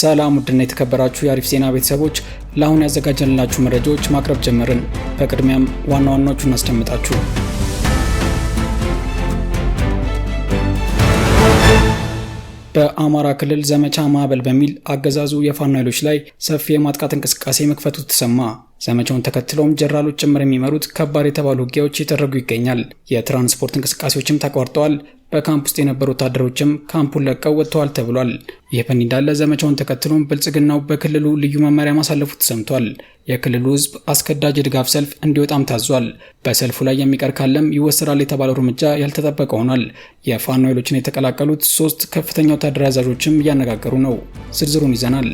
ሰላም ውድና የተከበራችሁ የአሪፍ ዜና ቤተሰቦች፣ ለአሁን ያዘጋጀንላችሁ መረጃዎች ማቅረብ ጀመርን። በቅድሚያም ዋና ዋናዎቹ እናስደምጣችሁ። በአማራ ክልል ዘመቻ ማዕበል በሚል አገዛዙ የፋኖ ኃይሎች ላይ ሰፊ የማጥቃት እንቅስቃሴ መክፈቱ ተሰማ። ዘመቻውን ተከትሎም ጀራሎች ጭምር የሚመሩት ከባድ የተባሉ ውጊያዎች እየተደረጉ ይገኛል። የትራንስፖርት እንቅስቃሴዎችም ተቋርጠዋል። በካምፕ ውስጥ የነበሩ ወታደሮችም ካምፑን ለቀው ወጥተዋል ተብሏል። ይህ በእንዲህ እንዳለ ዘመቻውን ተከትሎም ብልጽግናው በክልሉ ልዩ መመሪያ ማሳለፉ ተሰምቷል። የክልሉ ህዝብ አስገዳጅ የድጋፍ ሰልፍ እንዲወጣም ታዟል። በሰልፉ ላይ የሚቀር ካለም ይወሰዳል የተባለው እርምጃ ያልተጠበቀ ሆኗል። የፋኖ ኃይሎችን የተቀላቀሉት ሶስት ከፍተኛ ወታደራዊ አዛዦችም እያነጋገሩ ነው። ዝርዝሩን ይዘናል።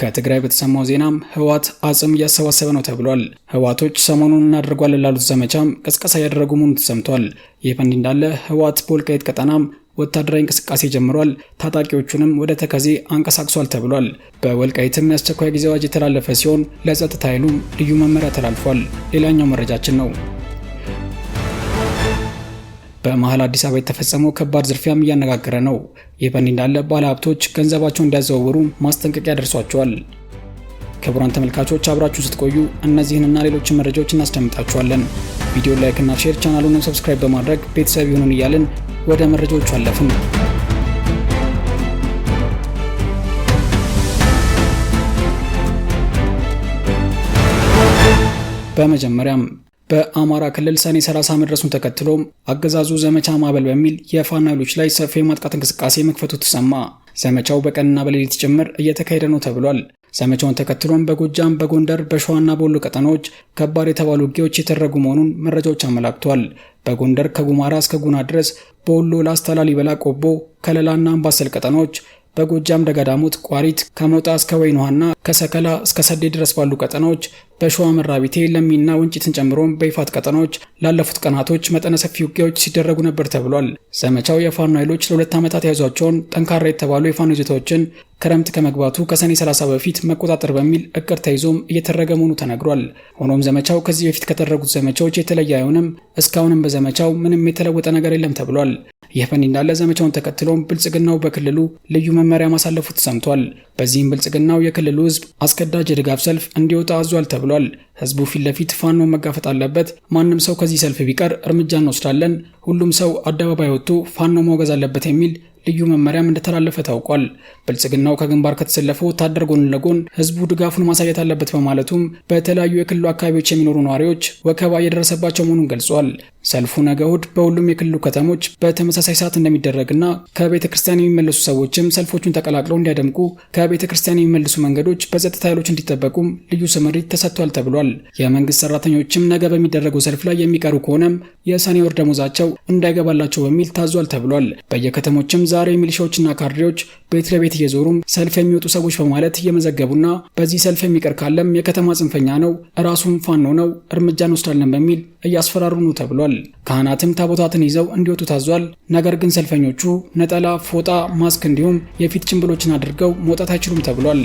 ከትግራይ በተሰማው ዜናም ህወሓት አጽም እያሰባሰበ ነው ተብሏል። ህወሓቶች ሰሞኑን እናደርጓለን ላሉት ዘመቻም ቅስቀሳ እያደረጉ መሆኑ ተሰምቷል። ይህ በእንዲህ እንዳለ ህወሓት በወልቃይት ቀጠናም ወታደራዊ እንቅስቃሴ ጀምሯል። ታጣቂዎቹንም ወደ ተከዜ አንቀሳቅሷል ተብሏል። በወልቃይትም የአስቸኳይ ጊዜ አዋጅ የተላለፈ ሲሆን ለጸጥታ ኃይሉም ልዩ መመሪያ ተላልፏል። ሌላኛው መረጃችን ነው በመሀል አዲስ አበባ የተፈጸመው ከባድ ዝርፊያም እያነጋገረ ነው። ይህ በእንዲህ እንዳለ ባለሀብቶች ገንዘባቸውን እንዲያዘዋውሩ ማስጠንቀቂያ ደርሷቸዋል። ክቡራን ተመልካቾች አብራችሁ ስትቆዩ እነዚህንና ሌሎችን መረጃዎች እናስደምጣችኋለን። ቪዲዮ ላይክና ሼር ቻናሉን ሰብስክራይብ በማድረግ ቤተሰብ ይሁኑን እያልን ወደ መረጃዎቹ አለፍን። በመጀመሪያም በአማራ ክልል ሰኔ 30 መድረሱን ተከትሎ አገዛዙ ዘመቻ ማዕበል በሚል የፋኖ ኃይሎች ላይ ሰፊ የማጥቃት እንቅስቃሴ መክፈቱ ተሰማ። ዘመቻው በቀንና በሌሊት ጭምር እየተካሄደ ነው ተብሏል። ዘመቻውን ተከትሎም በጎጃም፣ በጎንደር፣ በሸዋና በወሎ ቀጠናዎች ከባድ የተባሉ ውጊያዎች የተደረጉ መሆኑን መረጃዎች አመላክቷል። በጎንደር ከጉማራ እስከ ጉና ድረስ፣ በወሎ ላስታ፣ ላሊበላ፣ ቆቦ፣ ከለላና አምባሰል ቀጠናዎች በጎጃም ደጋዳሞት፣ ቋሪት፣ ከሞጣ እስከ ወይን ውሃና ከሰከላ እስከ ሰዴ ድረስ ባሉ ቀጠናዎች በሸዋ መራቢቴ፣ ለሚና ወንጭትን ጨምሮ በይፋት ቀጠናዎች ላለፉት ቀናቶች መጠነ ሰፊ ውጊያዎች ሲደረጉ ነበር ተብሏል። ዘመቻው የፋኖ ኃይሎች ለሁለት ዓመታት የያዟቸውን ጠንካራ የተባሉ የፋኖ ይዞታዎችን ክረምት ከመግባቱ ከሰኔ 30 በፊት መቆጣጠር በሚል እቅድ ተይዞም እየተደረገ መሆኑ ተነግሯል። ሆኖም ዘመቻው ከዚህ በፊት ከተደረጉት ዘመቻዎች የተለየ አይሆንም፣ እስካሁንም በዘመቻው ምንም የተለወጠ ነገር የለም ተብሏል። ይህ በእንዲህ እንዳለ ዘመቻውን ተከትሎም ብልጽግናው በክልሉ ልዩ መመሪያ ማሳለፉ ተሰምቷል። በዚህም ብልጽግናው የክልሉ ህዝብ አስገዳጅ የድጋፍ ሰልፍ እንዲወጣ አዟል ተብሏል። ህዝቡ ፊት ለፊት ፋኖ መጋፈጥ አለበት፣ ማንም ሰው ከዚህ ሰልፍ ቢቀር እርምጃ እንወስዳለን፣ ሁሉም ሰው አደባባይ ወጥቶ ፋኖ ማውገዝ አለበት የሚል ልዩ መመሪያም እንደተላለፈ ታውቋል። ብልጽግናው ከግንባር ከተሰለፈ ወታደር ጎን ለጎን ህዝቡ ድጋፉን ማሳየት አለበት በማለቱም በተለያዩ የክልሉ አካባቢዎች የሚኖሩ ነዋሪዎች ወከባ እየደረሰባቸው መሆኑን ገልጿል። ሰልፉ ነገ እሁድ በሁሉም የክልሉ ከተሞች በተመሳሳይ ሰዓት እንደሚደረግና ከቤተ ክርስቲያን የሚመለሱ ሰዎችም ሰልፎቹን ተቀላቅለው እንዲያደምቁ ከቤተ ክርስቲያን የሚመልሱ መንገዶች በጸጥታ ኃይሎች እንዲጠበቁም ልዩ ስምሪት ተሰጥቷል ተብሏል። የመንግስት ሰራተኞችም ነገ በሚደረገው ሰልፍ ላይ የሚቀሩ ከሆነም የሰኔ ወር ደሞዛቸው እንዳይገባላቸው በሚል ታዟል ተብሏል። በየከተሞችም ዛሬ ሚሊሻዎችና ካድሬዎች ቤት ለቤት እየዞሩም ሰልፍ የሚወጡ ሰዎች በማለት እየመዘገቡና በዚህ ሰልፍ የሚቀር ካለም የከተማ ጽንፈኛ ነው፣ ራሱን ፋኖ ነው፣ እርምጃ እንወስዳለን በሚል እያስፈራሩ ነው ተብሏል። ተደርጓል። ካህናትም ታቦታትን ይዘው እንዲወጡ ታዟል። ነገር ግን ሰልፈኞቹ ነጠላ፣ ፎጣ፣ ማስክ እንዲሁም የፊት ጭንብሎችን አድርገው መውጣት አይችሉም ተብሏል።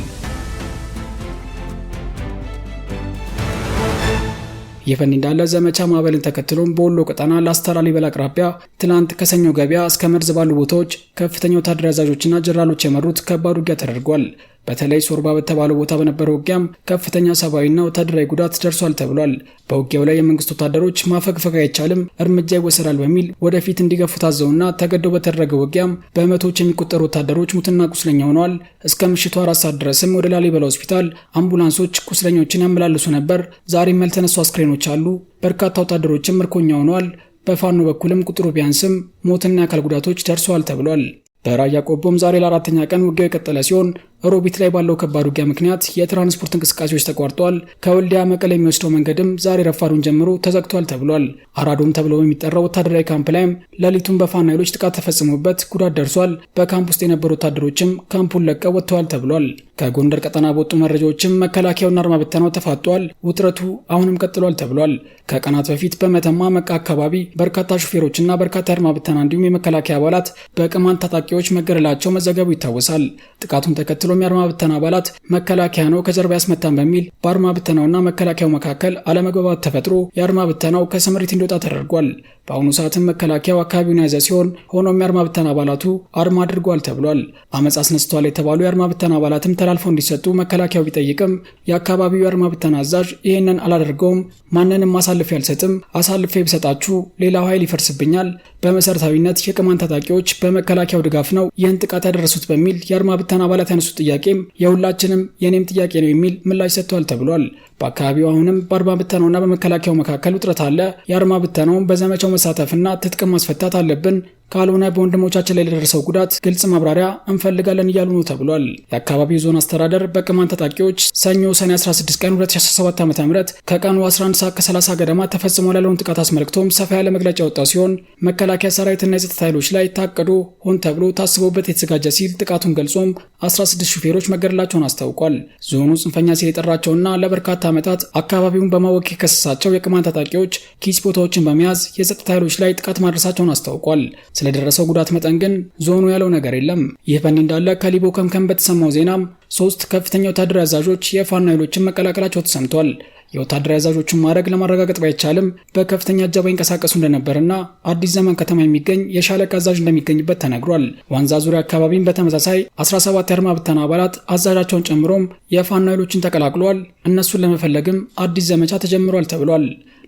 ይህ እንዳለ ዘመቻ ማዕበልን ተከትሎም በወሎ ቀጠና ላስታ ላሊበላ አቅራቢያ ትናንት ከሰኞ ገበያ እስከ መርዝ ባሉ ቦታዎች ከፍተኛ ወታደራዊ አዛዦችና ጀነራሎች የመሩት ከባድ ውጊያ ተደርጓል። በተለይ ሶርባ በተባለው ቦታ በነበረው ውጊያም ከፍተኛ ሰብአዊና ወታደራዊ ጉዳት ደርሷል ተብሏል። በውጊያው ላይ የመንግስት ወታደሮች ማፈግፈግ አይቻልም፣ እርምጃ ይወሰዳል በሚል ወደፊት እንዲገፉ ታዘውና ተገደው በተደረገ ውጊያም በመቶዎች የሚቆጠሩ ወታደሮች ሙትና ቁስለኛ ሆነዋል። እስከ ምሽቱ አራት ሰዓት ድረስም ወደ ላሊበላ ሆስፒታል አምቡላንሶች ቁስለኞችን ያመላልሱ ነበር። ዛሬም ያልተነሱ አስክሬኖች አሉ። በርካታ ወታደሮችም ምርኮኛ ሆነዋል። በፋኖ በኩልም ቁጥሩ ቢያንስም ሞትና የአካል ጉዳቶች ደርሰዋል ተብሏል። በራያ ቆቦም ዛሬ ለአራተኛ ቀን ውጊያው የቀጠለ ሲሆን ሮቢት ላይ ባለው ከባድ ውጊያ ምክንያት የትራንስፖርት እንቅስቃሴዎች ተቋርጠዋል። ከወልዲያ መቀሌ የሚወስደው መንገድም ዛሬ ረፋዱን ጀምሮ ተዘግቷል ተብሏል። አራዶም ተብሎ በሚጠራው ወታደራዊ ካምፕ ላይም ሌሊቱን በፋኖ ኃይሎች ጥቃት ተፈጽሞበት ጉዳት ደርሷል። በካምፕ ውስጥ የነበሩ ወታደሮችም ካምፑን ለቀው ወጥተዋል ተብሏል። ከጎንደር ቀጠና በወጡ መረጃዎችም መከላከያውና አርማ ብተናው ተፋጧል። ውጥረቱ አሁንም ቀጥሏል ተብሏል። ከቀናት በፊት በመተማ መቃ አካባቢ በርካታ ሹፌሮችና በርካታ የአርማ ብተና እንዲሁም የመከላከያ አባላት በቅማንት ታጣቂዎች መገደላቸው መዘገቡ ይታወሳል። ጥቃቱን ተከትሎ የኦሮሚያ ብተና አባላት መከላከያ ነው ከጀርባ ያስመታን በሚል በአድማ ብተናውና መከላከያው መካከል አለመግባባት ተፈጥሮ የአድማ ብተናው ከስምሪት እንዲወጣ ተደርጓል። በአሁኑ ሰዓትም መከላከያው አካባቢውን የያዘ ሲሆን ሆኖም የአድማ ብተና አባላቱ አድማ አድርጓል ተብሏል። አመፅ አስነስተዋል የተባሉ የአድማ ብተና አባላትም ተላልፈው እንዲሰጡ መከላከያው ቢጠይቅም የአካባቢው የአድማ ብተና አዛዥ ይህንን አላደርገውም፣ ማንንም አሳልፌ አልሰጥም፣ አሳልፌ ቢሰጣችሁ ሌላው ኃይል ይፈርስብኛል፣ በመሰረታዊነት የቅማን ታጣቂዎች በመከላከያው ድጋፍ ነው ይህን ጥቃት ያደረሱት በሚል የአድማ ብተና አባላት ያነሱት ጥያቄም የሁላችንም የእኔም ጥያቄ ነው የሚል ምላሽ ሰጥቷል ተብሏል። በአካባቢው አሁንም በአርማ ብተናውና በመከላከያው መካከል ውጥረት አለ። የአርማ ብተናውን በዘመቻው መሳተፍና ትጥቅ ማስፈታት አለብን ካልሆነ በወንድሞቻችን ላይ ለደረሰው ጉዳት ግልጽ ማብራሪያ እንፈልጋለን እያሉ ነው ተብሏል። የአካባቢው ዞን አስተዳደር በቅማን ታጣቂዎች ሰኞ ሰኔ 16 ቀን 2017 ዓ ም ከቀኑ 11 ሰዓት ከ30 ገደማ ተፈጽሟል ያለውን ጥቃት አስመልክቶም ሰፋ ያለ መግለጫ ወጣ ሲሆን መከላከያ ሰራዊትና የጸጥታ ኃይሎች ላይ ታቅዶ ሆን ተብሎ ታስቦበት የተዘጋጀ ሲል ጥቃቱን ገልጾም 16 ሹፌሮች መገደላቸውን አስታውቋል። ዞኑ ጽንፈኛ ሲል የጠራቸውና ለበርካታ ዓመታት አካባቢውን በማወቅ የከሰሳቸው የቅማንት ታጣቂዎች ኪስ ቦታዎችን በመያዝ የጸጥታ ኃይሎች ላይ ጥቃት ማድረሳቸውን አስታውቋል። ስለደረሰው ጉዳት መጠን ግን ዞኑ ያለው ነገር የለም። ይህ በእንዲህ እንዳለ ከሊቦ ከምከም በተሰማው ዜናም ሶስት ከፍተኛ ወታደራዊ አዛዦች የፋኖ ኃይሎችን መቀላቀላቸው ተሰምቷል። የወታደራዊ አዛዦቹን ማድረግ ለማረጋገጥ ባይቻልም በከፍተኛ እጀባ ይንቀሳቀሱ እንደነበርና አዲስ ዘመን ከተማ የሚገኝ የሻለቃ አዛዥ እንደሚገኝበት ተነግሯል። ዋንዛ ዙሪያ አካባቢን በተመሳሳይ 17 የአድማ ብተና አባላት አዛዣቸውን ጨምሮም የፋኖ ኃይሎችን ተቀላቅሏል። እነሱን ለመፈለግም አዲስ ዘመቻ ተጀምሯል ተብሏል።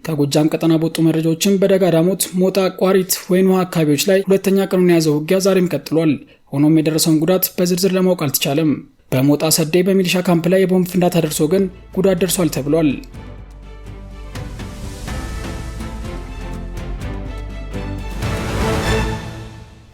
ከጎጃም ቀጠና በወጡ መረጃዎችን በደጋ ዳሞት፣ ሞጣ፣ ቋሪት፣ ወይን ውሃ አካባቢዎች ላይ ሁለተኛ ቀኑን የያዘው ውጊያ ዛሬም ቀጥሏል። ሆኖም የደረሰውን ጉዳት በዝርዝር ለማወቅ አልተቻለም። በሞጣ ሰዴ በሚሊሻ ካምፕ ላይ የቦምብ ፍንዳታ ደርሶ ግን ጉዳት ደርሷል ተብሏል።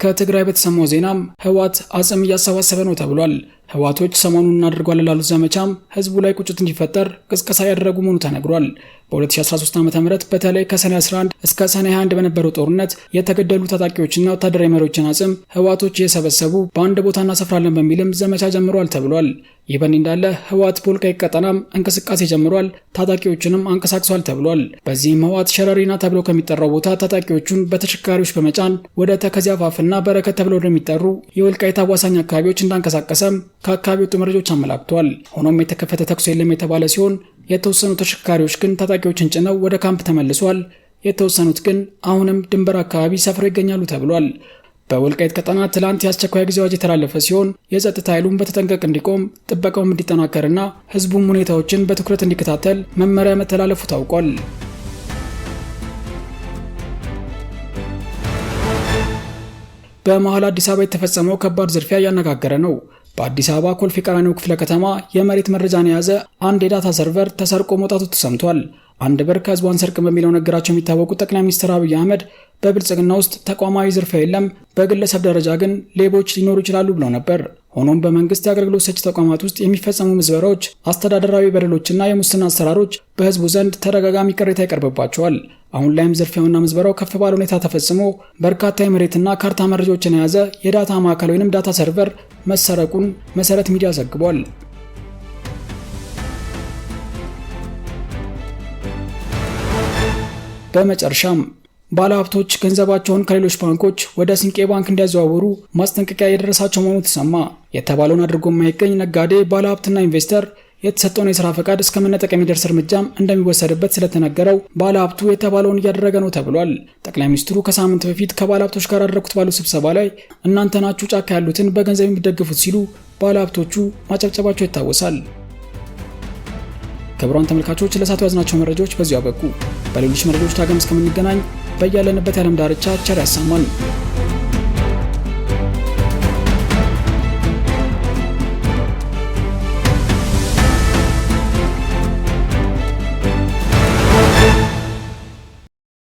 ከትግራይ በተሰማው ዜናም ህወሓት አጽም እያሰባሰበ ነው ተብሏል። ህዋቶች ሰሞኑን እናደርጓል ላሉት ዘመቻም ህዝቡ ላይ ቁጭት እንዲፈጠር ቅስቀሳ ያደረጉ መሆኑ ተነግሯል። በ2013 ዓ ም በተለይ ከሰኔ 11 እስከ ሰኔ 21 በነበረው ጦርነት የተገደሉ ታጣቂዎችና ወታደራዊ መሪዎችን አጽም ህዋቶች እየሰበሰቡ በአንድ ቦታና ሰፍራለን በሚልም ዘመቻ ጀምሯል ተብሏል። ይህ በእንዲህ እንዳለ ህወሓት በወልቃይት ቀጠናም እንቅስቃሴ ጀምሯል፣ ታጣቂዎችንም አንቀሳቅሷል ተብሏል። በዚህም ህወሓት ሸረሪና ተብሎ ከሚጠራው ቦታ ታጣቂዎቹን በተሽከርካሪዎች በመጫን ወደ ተከዜ አፋፍና በረከት ተብለው ወደሚጠሩ የወልቃይት አዋሳኝ አካባቢዎች እንዳንቀሳቀሰም ከአካባቢ ወጡ መረጃዎች አመላክቷል። ሆኖም የተከፈተ ተኩስ የለም የተባለ ሲሆን የተወሰኑ ተሽከርካሪዎች ግን ታጣቂዎችን ጭነው ወደ ካምፕ ተመልሷል። የተወሰኑት ግን አሁንም ድንበር አካባቢ ሰፍረው ይገኛሉ ተብሏል። በወልቃይት ቀጠና ትላንት የአስቸኳይ ጊዜ አዋጅ የተላለፈ ሲሆን የጸጥታ ኃይሉም በተጠንቀቅ እንዲቆም ጥበቃውም እንዲጠናከርና ህዝቡም ሁኔታዎችን በትኩረት እንዲከታተል መመሪያ መተላለፉ ታውቋል። በመሀል አዲስ አበባ የተፈጸመው ከባድ ዝርፊያ እያነጋገረ ነው። በአዲስ አበባ ኮልፌ ቀራኒዮ ክፍለ ከተማ የመሬት መረጃን የያዘ አንድ የዳታ ሰርቨር ተሰርቆ መውጣቱ ተሰምቷል። አንድ ብር ከህዝቡ አንሰርቅም በሚለው ነገራቸው የሚታወቁት ጠቅላይ ሚኒስትር አብይ አህመድ በብልጽግና ውስጥ ተቋማዊ ዝርፊያ የለም፣ በግለሰብ ደረጃ ግን ሌቦች ሊኖሩ ይችላሉ ብለው ነበር። ሆኖም በመንግስት የአገልግሎት ሰጪ ተቋማት ውስጥ የሚፈጸሙ ምዝበራዎች፣ አስተዳደራዊ በደሎችና የሙስና አሰራሮች በህዝቡ ዘንድ ተደጋጋሚ ቅሬታ ይቀርብባቸዋል። አሁን ላይም ዝርፊያውና ምዝበራው ከፍ ባለ ሁኔታ ተፈጽሞ በርካታ የመሬትና ካርታ መረጃዎችን የያዘ የዳታ ማዕከል ወይም ዳታ ሰርቨር መሰረቁን መሰረት ሚዲያ ዘግቧል። በመጨረሻም ባለሀብቶች ገንዘባቸውን ከሌሎች ባንኮች ወደ ስንቄ ባንክ እንዲያዘዋውሩ ማስጠንቀቂያ የደረሳቸው መሆኑ ተሰማ። የተባለውን አድርጎ የማይገኝ ነጋዴ፣ ባለሀብትና ኢንቨስተር የተሰጠውን የስራ ፈቃድ እስከ መነጠቅ የሚደርስ እርምጃም እንደሚወሰድበት ስለተነገረው ባለሀብቱ የተባለውን እያደረገ ነው ተብሏል። ጠቅላይ ሚኒስትሩ ከሳምንት በፊት ከባለሀብቶች ጋር ያደረጉት ባሉ ስብሰባ ላይ እናንተ ናችሁ ጫካ ያሉትን በገንዘብ የሚደግፉት ሲሉ ባለሀብቶቹ ማጨብጨባቸው ይታወሳል። ክቡራን ተመልካቾች ለሳቱ ያዝናቸው መረጃዎች በዚሁ አበቁ። በሌሎች መረጃዎች ዳግም እስከምንገናኝ በያለንበት የዓለም ዳርቻ ቸር ያሰማን።